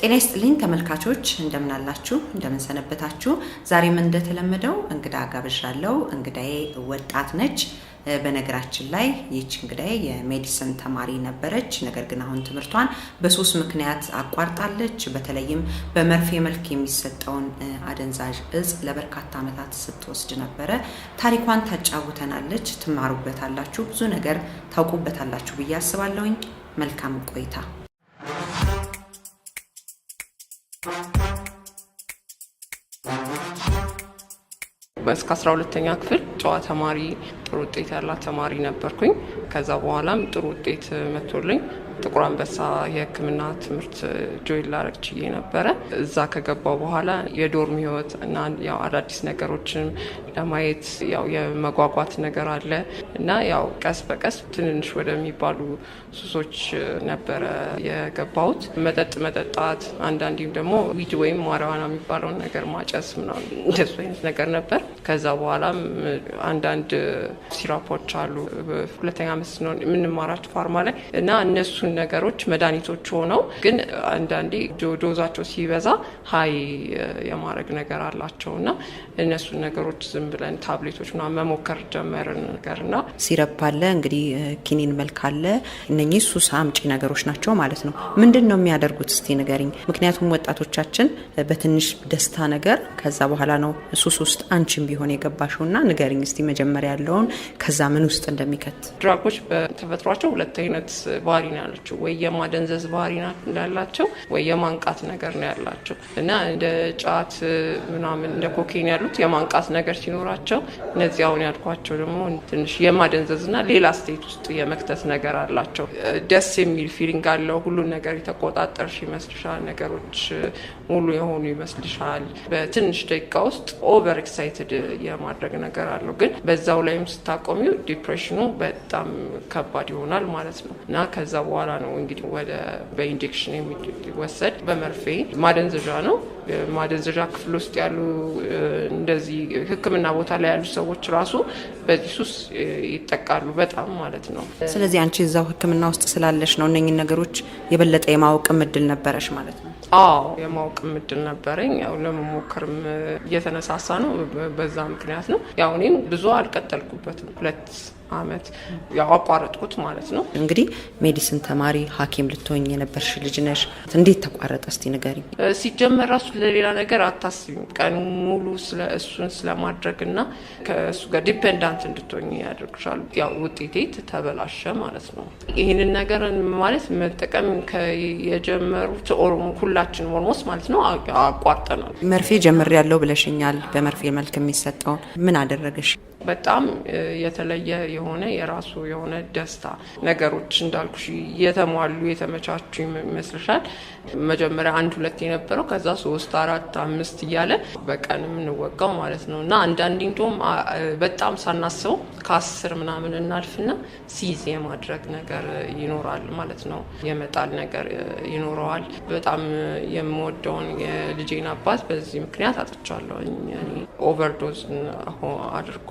ጤና ይስጥልኝ ተመልካቾች፣ እንደምናላችሁ እንደምንሰነበታችሁ። ዛሬም እንደተለመደው እንግዳ አጋብዣለሁ። እንግዳዬ ወጣት ነች። በነገራችን ላይ ይህች እንግዳዬ የሜዲሲን ተማሪ ነበረች። ነገር ግን አሁን ትምህርቷን በሶስት ምክንያት አቋርጣለች። በተለይም በመርፌ መልክ የሚሰጠውን አደንዛዥ እጽ ለበርካታ ዓመታት ስትወስድ ነበረ። ታሪኳን ታጫውተናለች። ትማሩበታላችሁ፣ ብዙ ነገር ታውቁበታላችሁ ብዬ አስባለሁኝ። መልካም ቆይታ እስከ 12ተኛ ክፍል ጨዋ ተማሪ፣ ጥሩ ውጤት ያላት ተማሪ ነበርኩኝ። ከዛ በኋላም ጥሩ ውጤት መጥቶልኝ ጥቁር አንበሳ የሕክምና ትምህርት ጆይን ላረግ ችዬ ነበረ። እዛ ከገባው በኋላ የዶርም ህይወት እና ያው አዳዲስ ነገሮችን ለማየት ያው የመጓጓት ነገር አለ እና ያው ቀስ በቀስ ትንንሽ ወደሚባሉ ሱሶች ነበረ የገባሁት። መጠጥ መጠጣት፣ አንዳንዴም ደግሞ ዊድ ወይም ማሪዋና የሚባለውን ነገር ማጨስ ምናምን እንደሱ አይነት ነገር ነበር። ከዛ በኋላም አንዳንድ ሲራፖች አሉ ሁለተኛ አመት ነው የምንማራቸው ፋርማ ላይ እና እነሱ የሚያመጡትን ነገሮች መድኃኒቶች ሆነው ግን አንዳንዴ ዶዛቸው ሲበዛ ሀይ የማድረግ ነገር አላቸው እና እነሱን ነገሮች ዝም ብለን ታብሌቶች ና መሞከር ጀመርን። ነገር ና ሲረፕ አለ እንግዲህ ኪኒን መልክ አለ። እነኚህ ሱስ አምጪ ነገሮች ናቸው ማለት ነው። ምንድን ነው የሚያደርጉት እስቲ ንገሪኝ። ምክንያቱም ወጣቶቻችን በትንሽ ደስታ ነገር ከዛ በኋላ ነው ሱስ ውስጥ አንቺም ቢሆን የገባሽው ና ንገሪኝ እስቲ መጀመሪያ ያለውን ከዛ ምን ውስጥ እንደሚከት ድራጎች በተፈጥሯቸው ሁለት አይነት ባህሪ ነው ናቸው ወይ የማደንዘዝ ባህሪ እንዳላቸው ወይ የማንቃት ነገር ነው ያላቸው እና እንደ ጫት ምናምን እንደ ኮኬን ያሉት የማንቃት ነገር ሲኖራቸው እነዚህ አሁን ያልኳቸው ደግሞ ትንሽ የማደንዘዝ እና ሌላ ስቴት ውስጥ የመክተት ነገር አላቸው። ደስ የሚል ፊሊንግ አለው። ሁሉን ነገር የተቆጣጠርሽ ይመስልሻል ነገሮች ሙሉ የሆኑ ይመስልሻል? በትንሽ ደቂቃ ውስጥ ኦቨር ኤክሳይትድ የማድረግ ነገር አለው። ግን በዛው ላይም ስታቆሚው ዲፕሬሽኑ በጣም ከባድ ይሆናል ማለት ነው እና ከዛ በኋላ ነው እንግዲህ ወደ በኢንጀክሽን የሚወሰድ በመርፌ ማደንዘዣ ነው ማደንዘዣ ክፍል ውስጥ ያሉ እንደዚህ ሕክምና ቦታ ላይ ያሉ ሰዎች ራሱ በዚህ ሱስ ይጠቃሉ በጣም ማለት ነው። ስለዚህ አንቺ እዛው ሕክምና ውስጥ ስላለሽ ነው እነኝን ነገሮች የበለጠ የማወቅ ምድል ነበረሽ ማለት ነው። አዎ የማወቅ ምድል ነበረኝ። ያው ለመሞከርም እየተነሳሳ ነው። በዛ ምክንያት ነው ያው እኔም ብዙ አልቀጠልኩበትም ሁለት አመት ያቋረጥኩት ማለት ነው። እንግዲህ ሜዲሲን ተማሪ ሐኪም ልትሆኝ የነበርሽ ልጅ ነሽ። እንዴት ተቋረጠ እስቲ ንገሪ። ሲጀመር ራሱ ለሌላ ነገር አታስቢም። ቀን ሙሉ ስለ እሱን ስለማድረግ እና ከእሱ ጋር ዲፔንዳንት እንድትሆኝ ያደርግሻል። ያው ውጤቴ ተበላሸ ማለት ነው። ይህንን ነገር ማለት መጠቀም የጀመሩት ሁላችንም ኦልሞስት ማለት ነው አቋርጠናል። መርፌ ጀምር ያለው ብለሽኛል። በመርፌ መልክ የሚሰጠውን ምን አደረገሽ? በጣም የተለየ የሆነ የራሱ የሆነ ደስታ ነገሮች እንዳልኩሽ የተሟሉ የተመቻቹ ይመስልሻል። መጀመሪያ አንድ ሁለት የነበረው ከዛ ሶስት አራት አምስት እያለ በቀን የምንወጋው ማለት ነው እና አንዳንዴ እንዲሁም በጣም ሳናስበው ከአስር ምናምን እናልፍና ሲዝ የማድረግ ነገር ይኖራል ማለት ነው። የመጣል ነገር ይኖረዋል። በጣም የምወደውን የልጄን አባት በዚህ ምክንያት አጥቻለሁ። ኦቨርዶዝ አድርጎ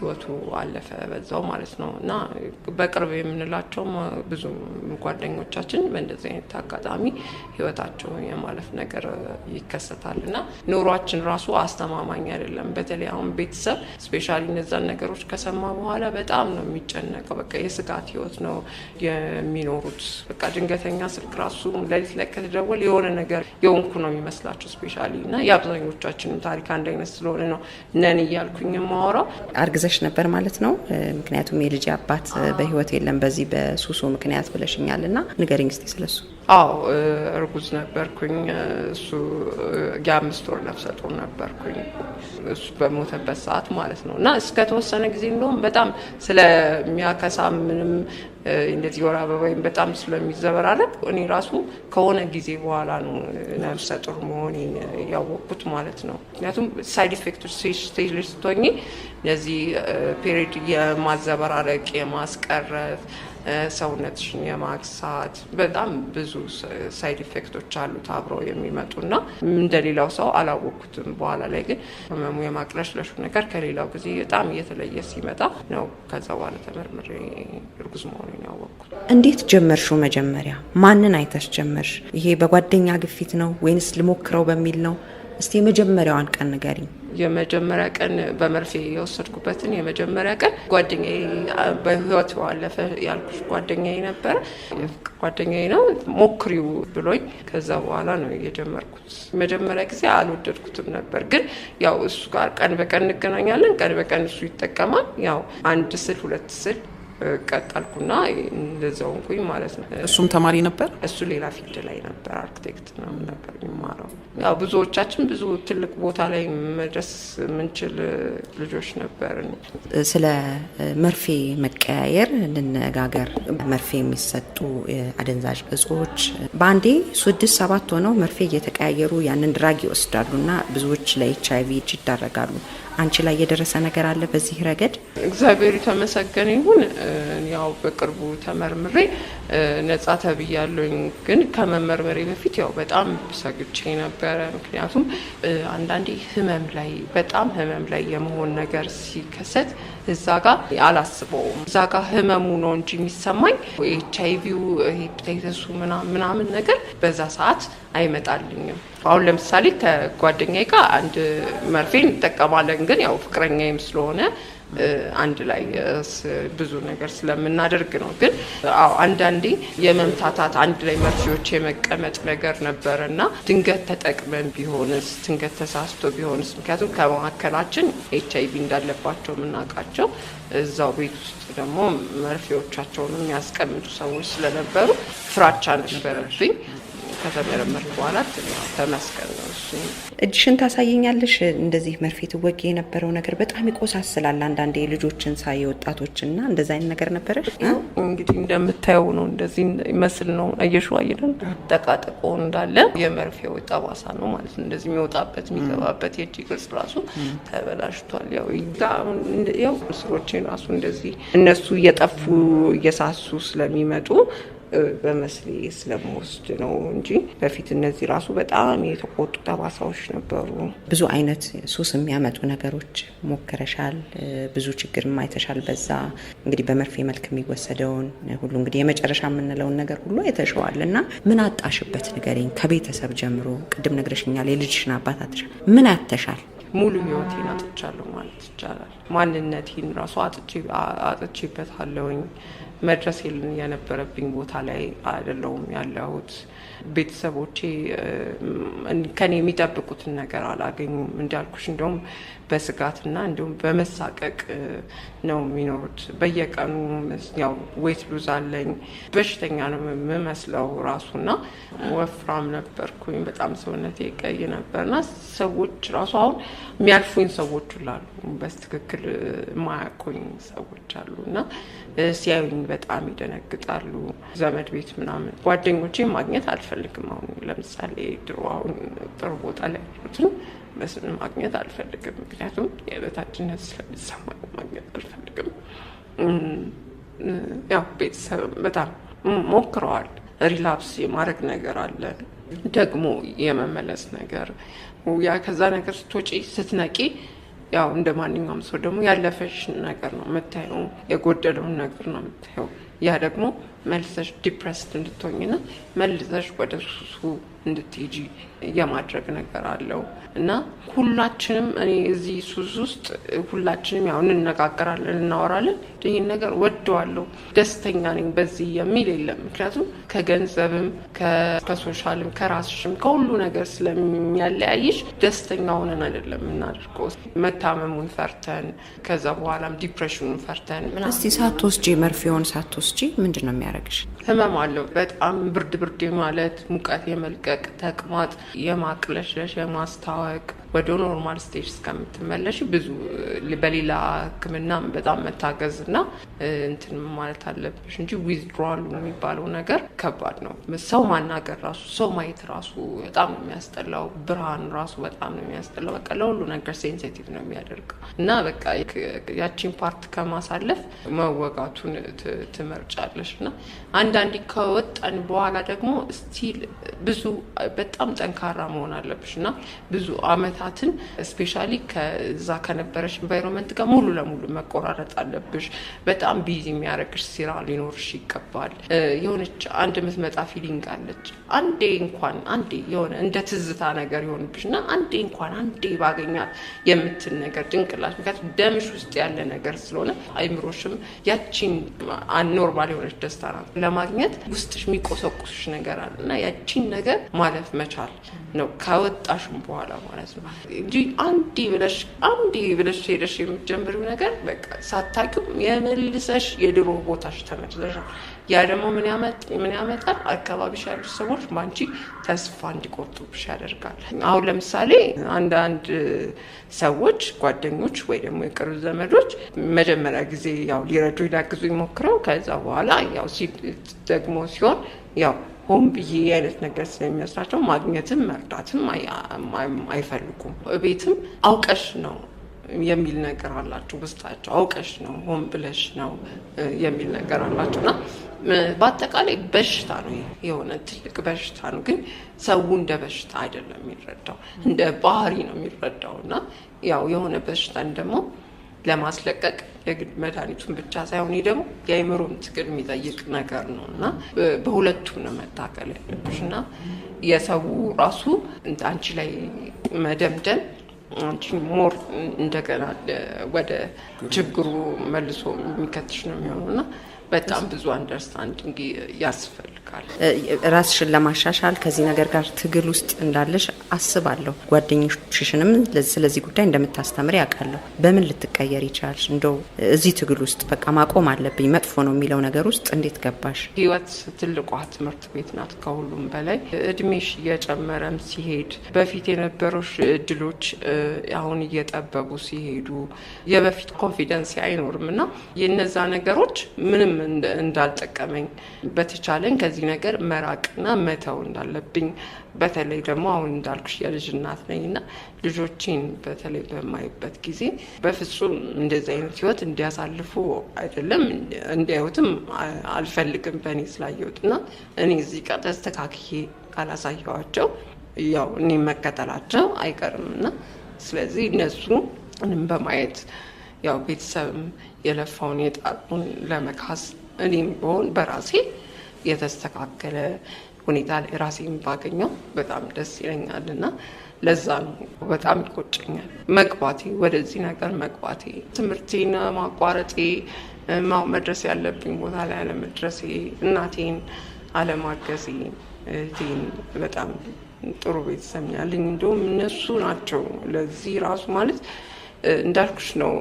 ህይወቱ አለፈ በዛው ማለት ነው እና በቅርብ የምንላቸው ብዙ ጓደኞቻችን በእንደዚህ አይነት አጋጣሚ ህይወታቸው የማለፍ ነገር ይከሰታል እና ኑሯችን ራሱ አስተማማኝ አይደለም። በተለይ አሁን ቤተሰብ ስፔሻሊ እነዛን ነገሮች ከሰማ በኋላ በጣም ነው የሚጨነቀው። በቃ የስጋት ህይወት ነው የሚኖሩት። በቃ ድንገተኛ ስልክ ራሱ ለሊት ለቀት ደወል የሆነ ነገር የሆንኩ ነው የሚመስላቸው ስፔሻሊ እና የአብዛኞቻችንም ታሪክ አንድ አይነት ስለሆነ ነው ነን እያልኩኝ የማወራው አግዘሽ ነበር ማለት ነው። ምክንያቱም የልጅ አባት በህይወት የለም በዚህ በሱሱ ምክንያት ብለሽኛል እና ንገሪኝ እስቲ ስለሱ። አዎ እርጉዝ ነበርኩኝ። እሱ የአምስት ወር ነፍሰ ጡር ነበርኩኝ እሱ በሞተበት ሰዓት ማለት ነው እና እስከተወሰነ ጊዜ እንደውም በጣም ስለሚያከሳ ምንም እንደዚህ ወር አበባ ወይም በጣም ስለሚዘበራረቅ እኔ ራሱ ከሆነ ጊዜ በኋላ ነው ነፍሰ ጡር መሆኔን ያወቅኩት ማለት ነው። ምክንያቱም ሳይድ ኢፌክቶች ስቴጅ ላይ ስትሆኚ እነዚህ ፔሪድ የማዘበራረቅ የማስቀረፍ ሰውነትሽን የማክሳት በጣም ብዙ ሳይድ ኢፌክቶች አሉት አብረው የሚመጡና እንደሌላው ሰው አላወቅኩትም። በኋላ ላይ ግን ህመሙ የማቅለሽለሹ ነገር ከሌላው ጊዜ በጣም እየተለየ ሲመጣ ነው። ከዛ በኋላ ተመርምሬ እርጉዝ መሆኑን ያወቅኩት። እንዴት ጀመርሹ? መጀመሪያ ማንን አይተሽ ጀመርሽ? ይሄ በጓደኛ ግፊት ነው ወይንስ ልሞክረው በሚል ነው? እስቲ የመጀመሪያዋን ቀን ንገሪኝ። የመጀመሪያ ቀን በመርፌ የወሰድኩበትን የመጀመሪያ ቀን ጓደኛ በህይወት ባለፈ ያልኩሽ ጓደኛ ነበረ። ጓደኛ ነው ሞክሪው ብሎኝ ከዛ በኋላ ነው የጀመርኩት። መጀመሪያ ጊዜ አልወደድኩትም ነበር፣ ግን ያው እሱ ጋር ቀን በቀን እንገናኛለን። ቀን በቀን እሱ ይጠቀማል። ያው አንድ ስል ሁለት ስል ቀጠልኩና እንደዛው እንኩኝ ማለት ነው። እሱም ተማሪ ነበር። እሱ ሌላ ፊልድ ላይ ነበር፣ አርክቴክት ነው ነበር የሚማረው። ያው ብዙዎቻችን ብዙ ትልቅ ቦታ ላይ መድረስ የምንችል ልጆች ነበር። ስለ መርፌ መቀያየር እንነጋገር። መርፌ የሚሰጡ አደንዛዥ እጾች በአንዴ ስድስት ሰባት ሆነው መርፌ እየተቀያየሩ ያንን ድራግ ይወስዳሉና ብዙዎች ለኤች አይቪ ይዳረጋሉ። አንቺ ላይ የደረሰ ነገር አለ በዚህ ረገድ? እግዚአብሔር የተመሰገነ ይሁን። ያው በቅርቡ ተመርምሬ ነጻ ተብያለኝ። ግን ከመመርመሬ በፊት ያው በጣም ሰግቼ ነበረ። ምክንያቱም አንዳንዴ ህመም ላይ በጣም ህመም ላይ የመሆን ነገር ሲከሰት እዛ ጋ አላስበውም። እዛ ጋ ህመሙ ነው እንጂ የሚሰማኝ ኤች አይቪ ሄፕታይተሱ ምናምን ነገር በዛ ሰዓት አይመጣልኝም። አሁን ለምሳሌ ከጓደኛ ጋር አንድ መርፌ እንጠቀማለን። ግን ያው ፍቅረኛዬም ስለሆነ አንድ ላይ ብዙ ነገር ስለምናደርግ ነው። ግን አዎ አንዳንዴ የመምታታት አንድ ላይ መርፌዎች የመቀመጥ ነገር ነበረ እና ድንገት ተጠቅመን ቢሆንስ ድንገት ተሳስቶ ቢሆንስ? ምክንያቱም ከመካከላችን ኤች አይቪ እንዳለባቸው የምናውቃቸው እዛው ቤት ውስጥ ደግሞ መርፌዎቻቸውን የሚያስቀምጡ ሰዎች ስለነበሩ ፍራቻ ነበረብኝ። ከተመረመርኩ በኋላ ተመስገን ነው። እሱ እጅሽን ታሳየኛለሽ። እንደዚህ መርፌ ትወጊ የነበረው ነገር በጣም ይቆሳስላል። አንዳንዴ የልጆችን ሳይ የወጣቶችና እንደዚ አይነት ነገር ነበረ። እንግዲህ እንደምታየው ነው። እንደዚህ ይመስል ነው። አየሹ አይደል? ጠቃጠቆ እንዳለ የመርፌው ጠባሳ ነው ማለት ነው። እንደዚህ የሚወጣበት የሚገባበት የእጅ ቅርጽ ራሱ ተበላሽቷል። ያው ያው ስሮቼ ራሱ እንደዚህ እነሱ እየጠፉ እየሳሱ ስለሚመጡ በመስሌ ስለመወስድ ነው እንጂ በፊት እነዚህ ራሱ በጣም የተቆጡ ጠባሳዎች ነበሩ። ብዙ አይነት ሱስ የሚያመጡ ነገሮች ሞክረሻል። ብዙ ችግር አይተሻል። በዛ እንግዲህ በመርፌ መልክ የሚወሰደውን ሁሉ እንግዲህ የመጨረሻ የምንለውን ነገር ሁሉ አይተሸዋል እና ምን አጣሽበት ንገሪኝ። ከቤተሰብ ጀምሮ ቅድም ነግረሽኛል። የልጅሽን አባት አትሻል ምን አተሻል? ሙሉ ህይወቴን አጥቻለሁ ማለት ይቻላል። ማንነቴን ራሱ አለውኝ መድረስ የነበረብኝ ቦታ ላይ አይደለውም ያለሁት። ቤተሰቦቼ ከኔ የሚጠብቁትን ነገር አላገኙም። እንዳልኩሽ እንዲሁም በስጋትና እንዲሁም በመሳቀቅ ነው የሚኖሩት። በየቀኑ ያው ዌት ሉዝ አለኝ። በሽተኛ ነው የምመስለው ራሱና ወፍራም ነበርኩኝ። በጣም ሰውነቴ ቀይ ነበርና ሰዎች ራሱ አሁን የሚያልፉኝ ሰዎች ላሉ በስትክክል ማያቆኝ ሰዎች አሉ እና ሲያዩኝ በጣም ይደነግጣሉ። ዘመድ ቤት ምናምን ጓደኞቼ ማግኘት አልፈ አልፈልግም። አሁን ለምሳሌ ድሮ አሁን ጥሩ ቦታ ላይ ያሉትን በስም ማግኘት አልፈልግም፣ ምክንያቱም የበታችነት ስለሚሰማኝ ማግኘት አልፈልግም። ያው ቤተሰብ በጣም ሞክረዋል። ሪላፕስ የማድረግ ነገር አለ፣ ደግሞ የመመለስ ነገር ያ ከዛ ነገር ስትወጪ ስትነቂ ያው እንደ ማንኛውም ሰው ደግሞ ያለፈሽ ነገር ነው የምታየው፣ የጎደለውን ነገር ነው የምታየው። ያ ደግሞ መልሰሽ ዲፕረስድ እንድትሆኝና መልሰሽ ወደ ሱሱ እንድትሄጂ የማድረግ ነገር አለው እና ሁላችንም እኔ እዚህ ሱስ ውስጥ ሁላችንም ያው እንነጋገራለን፣ እናወራለን። ይህን ነገር ወደዋለሁ፣ ደስተኛ ነኝ በዚህ የሚል የለም። ምክንያቱም ከገንዘብም፣ ከሶሻልም፣ ከራስሽም ከሁሉ ነገር ስለሚያለያይሽ ደስተኛ ሆነን አይደለም እናድርገው። መታመሙን ፈርተን ከዛ በኋላም ዲፕሬሽኑን ፈርተን ምናምን። እስቲ ሳትወስጂ መርፌውን ሳትወስጂ ምንድን ነው የሚያደርገው? የሚያደርግሽ። ህመም አለው በጣም ብርድ ብርድ ማለት ሙቀት የመልቀቅ ተቅማጥ፣ የማቅለሽለሽ፣ የማስታወቅ ወደ ኖርማል ስቴጅ እስከምትመለሽ ብዙ በሌላ ህክምና በጣም መታገዝ እና እንትን ማለት አለብሽ እንጂ ዊዝድሮዋሉ የሚባለው ነገር ከባድ ነው። ሰው ማናገር ራሱ ሰው ማየት ራሱ በጣም ነው የሚያስጠላው። ብርሃን ራሱ በጣም ነው የሚያስጠላው። በቃ ለሁሉ ነገር ሴንሲቲቭ ነው የሚያደርገው እና በቃ ያቺን ፓርት ከማሳለፍ መወጋቱን ትመርጫለሽ እና አንዳንድ ከወጣን በኋላ ደግሞ ስቲል ብዙ በጣም ጠንካራ መሆን አለብሽ እና ብዙ አመታትን ስፔሻሊ ከዛ ከነበረሽ ኢንቫይሮንመንት ጋር ሙሉ ለሙሉ መቆራረጥ አለብሽ። በጣም ቢዚ የሚያደርግሽ ስራ ሊኖርሽ ይገባል። የሆነች አንድ ምትመጣ ፊሊንግ አለች። አንዴ እንኳን አንዴ የሆነ እንደ ትዝታ ነገር ይሆንብሽ እና አንዴ እንኳን አንዴ ባገኛት የምትል ነገር ጭንቅላት ምክንያቱም ደምሽ ውስጥ ያለ ነገር ስለሆነ አይምሮሽም ያቺን ኖርማል የሆነች ደስታ ለማግኘት ውስጥሽ የሚቆሰቁስሽ ነገር አለ እና ያቺን ነገር ማለፍ መቻል ነው ከወጣሽም በኋላ ማለት ነው እንጂ አንዴ ብለሽ አንዴ ብለሽ ሄደሽ የምትጀምሪው ነገር በቃ ሳታውቂው የመልሰሽ የድሮ ቦታሽ ተመልሰሻል። ያ ደግሞ ምን ያመጣል? አካባቢሽ ያሉ ሰዎች ማንቺ ተስፋ እንዲቆርጡብሽ ያደርጋል። አሁን ለምሳሌ አንዳንድ ሰዎች ጓደኞች፣ ወይ ደግሞ የቅርብ ዘመዶች መጀመሪያ ጊዜ ያው ሊረዱ ሊያግዙ ይሞክረው ከዛ በኋላ ያው ደግሞ ሲሆን ያው ሆን ብዬ አይነት ነገር ስለሚመስላቸው ማግኘትም መርዳትም አይፈልጉም። ቤትም አውቀሽ ነው የሚል ነገር አላቸው። ውስጣቸው አውቀሽ ነው ሆን ብለሽ ነው የሚል ነገር አላቸው እና በአጠቃላይ በሽታ ነው፣ የሆነ ትልቅ በሽታ ነው። ግን ሰው እንደ በሽታ አይደለም የሚረዳው፣ እንደ ባህሪ ነው የሚረዳው። እና ያው የሆነ በሽታን ደግሞ ለማስለቀቅ የግድ መድኃኒቱን ብቻ ሳይሆን ደግሞ የአእምሮም ትግል የሚጠይቅ ነገር ነው እና በሁለቱም ነው መታከል ያለብሽ እና የሰው ራሱ አንቺ ላይ መደምደም አንቺ ሞር እንደገና ወደ ችግሩ መልሶ የሚከትሽ ነው የሚሆነው እና በጣም ብዙ አንደርስታንዲንግ ያስፈል ያደርጋል። ራስሽን ለማሻሻል ከዚህ ነገር ጋር ትግል ውስጥ እንዳለሽ አስባለሁ። ጓደኞችሽንም ስለዚህ ጉዳይ እንደምታስተምር ያውቃለሁ። በምን ልትቀየር ይቻል? እንደው እዚህ ትግል ውስጥ በቃ ማቆም አለብኝ መጥፎ ነው የሚለው ነገር ውስጥ እንዴት ገባሽ? ህይወት ትልቋ ትምህርት ቤት ናት። ከሁሉም በላይ እድሜሽ እየጨመረም ሲሄድ በፊት የነበረሽ እድሎች አሁን እየጠበቡ ሲሄዱ የበፊት ኮንፊደንስ አይኖርም እና የነዛ ነገሮች ምንም እንዳልጠቀመኝ በተቻለኝ ከዚህ ነገር መራቅና መተው እንዳለብኝ በተለይ ደግሞ አሁን እንዳልኩሽ የልጅ እናት ነኝና ልጆችን በተለይ በማይበት ጊዜ በፍጹም እንደዚህ አይነት ህይወት እንዲያሳልፉ አይደለም እንዲያዩትም አልፈልግም። በእኔ ስላየሁት እና እኔ እዚህ ጋር ተስተካክዬ ካላሳየኋቸው ያው እኔ መከተላቸው አይቀርም እና ስለዚህ እንም በማየት ያው ቤተሰብም የለፋውን የጣጡን ለመካስ እኔም በሆን በራሴ የተስተካከለ ሁኔታ ላይ ራሴን ባገኘው በጣም ደስ ይለኛል እና ለዛ ነው በጣም ይቆጨኛል መግባቴ፣ ወደዚህ ነገር መግባቴ፣ ትምህርቴን ማቋረጤ፣ መድረስ ያለብኝ ቦታ ላይ አለመድረሴ፣ እናቴን አለማገዜ፣ እህቴን በጣም ጥሩ ቤተሰብ ያለኝ እንዲሁም እነሱ ናቸው ለዚህ ራሱ ማለት እንዳልኩሽ ነው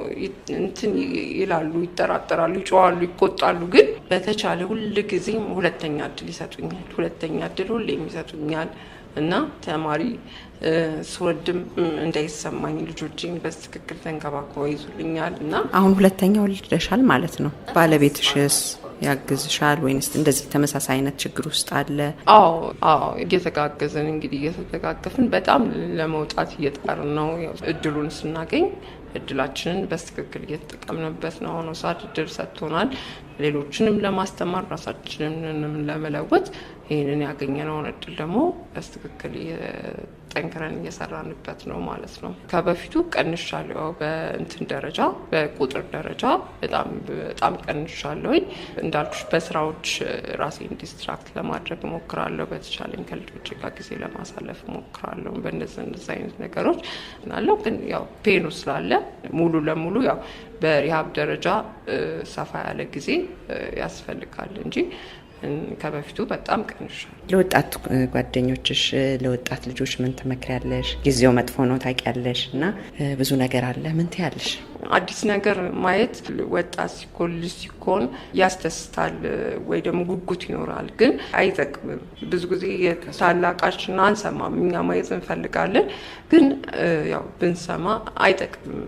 እንትን ይላሉ፣ ይጠራጠራሉ፣ ይጮዋሉ፣ ይቆጣሉ። ግን በተቻለ ሁል ጊዜም ሁለተኛ እድል ይሰጡኛል። ሁለተኛ እድል ሁሌም ይሰጡኛል እና ተማሪ ስወድም እንዳይሰማኝ ልጆችን በትክክል ተንከባክበው ይዙልኛል እና አሁን ሁለተኛው ልደሻል ማለት ነው። ባለቤትሽስ ያግዝሻል ወይንስ እንደዚህ ተመሳሳይ አይነት ችግር ውስጥ አለ? አዎ አዎ፣ እየተጋገዝን እንግዲህ እየተደጋገፍን በጣም ለመውጣት እየጣርን ነው። እድሉን ስናገኝ እድላችንን በስትክክል እየተጠቀምንበት ነው። አሁኑ ሰዓት እድል ሰጥቶናል። ሌሎችንም ለማስተማር ራሳችንንም ለመለወጥ ይህንን ያገኘነውን እድል ደግሞ በስትክክል ጠንክረን እየሰራንበት ነው ማለት ነው። ከበፊቱ ቀንሻለሁ። በእንትን ደረጃ በቁጥር ደረጃ በጣም በጣም ቀንሻለሁኝ። እንዳልኩሽ በስራዎች ራሴን ዲስትራክት ለማድረግ እሞክራለሁ። በተቻለኝ ከልጆች ጋር ጊዜ ለማሳለፍ እሞክራለሁ። በእነዚህ እነዚህ አይነት ነገሮች ናለው። ግን ያው ፔኑ ስላለ ሙሉ ለሙሉ ያው በሪሃብ ደረጃ ሰፋ ያለ ጊዜ ያስፈልጋል እንጂ ከበፊቱ በጣም ቀንሻል። ለወጣት ጓደኞችሽ፣ ለወጣት ልጆች ምን ትመክሪያለሽ? ጊዜው መጥፎ ነው ታውቂያለሽ፣ እና ብዙ ነገር አለ። ምን ትያለሽ? አዲስ ነገር ማየት ወጣት ሲኮል ሲኮን ያስደስታል ወይ ደግሞ ጉጉት ይኖራል፣ ግን አይጠቅምም። ብዙ ጊዜ የታላቃችን አንሰማም። እኛ ማየት እንፈልጋለን፣ ግን ያው ብንሰማ አይጠቅምም።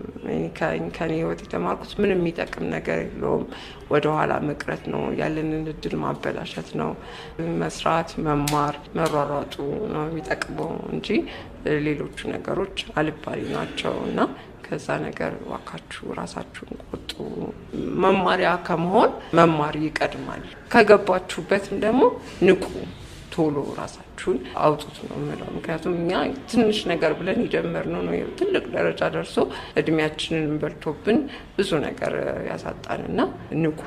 ከኔ ህይወት የተማርኩት ምንም የሚጠቅም ነገር የለውም። ወደኋላ መቅረት ነው፣ ያለንን እድል ማበላሸት ነው። መስራት፣ መማር፣ መሯሯጡ ነው የሚጠቅመው እንጂ ሌሎቹ ነገሮች አልባሌ ናቸው እና ከዛ ነገር ዋካችሁ ራሳችሁን ቆጡ። መማሪያ ከመሆን መማር ይቀድማል። ከገባችሁበትም ደግሞ ንቁ፣ ቶሎ ራሳችሁን አውጡት ነው የምለው። ምክንያቱም እኛ ትንሽ ነገር ብለን የጀመርነው ነው ትልቅ ደረጃ ደርሶ እድሜያችንን በልቶብን ብዙ ነገር ያሳጣንና ንቁ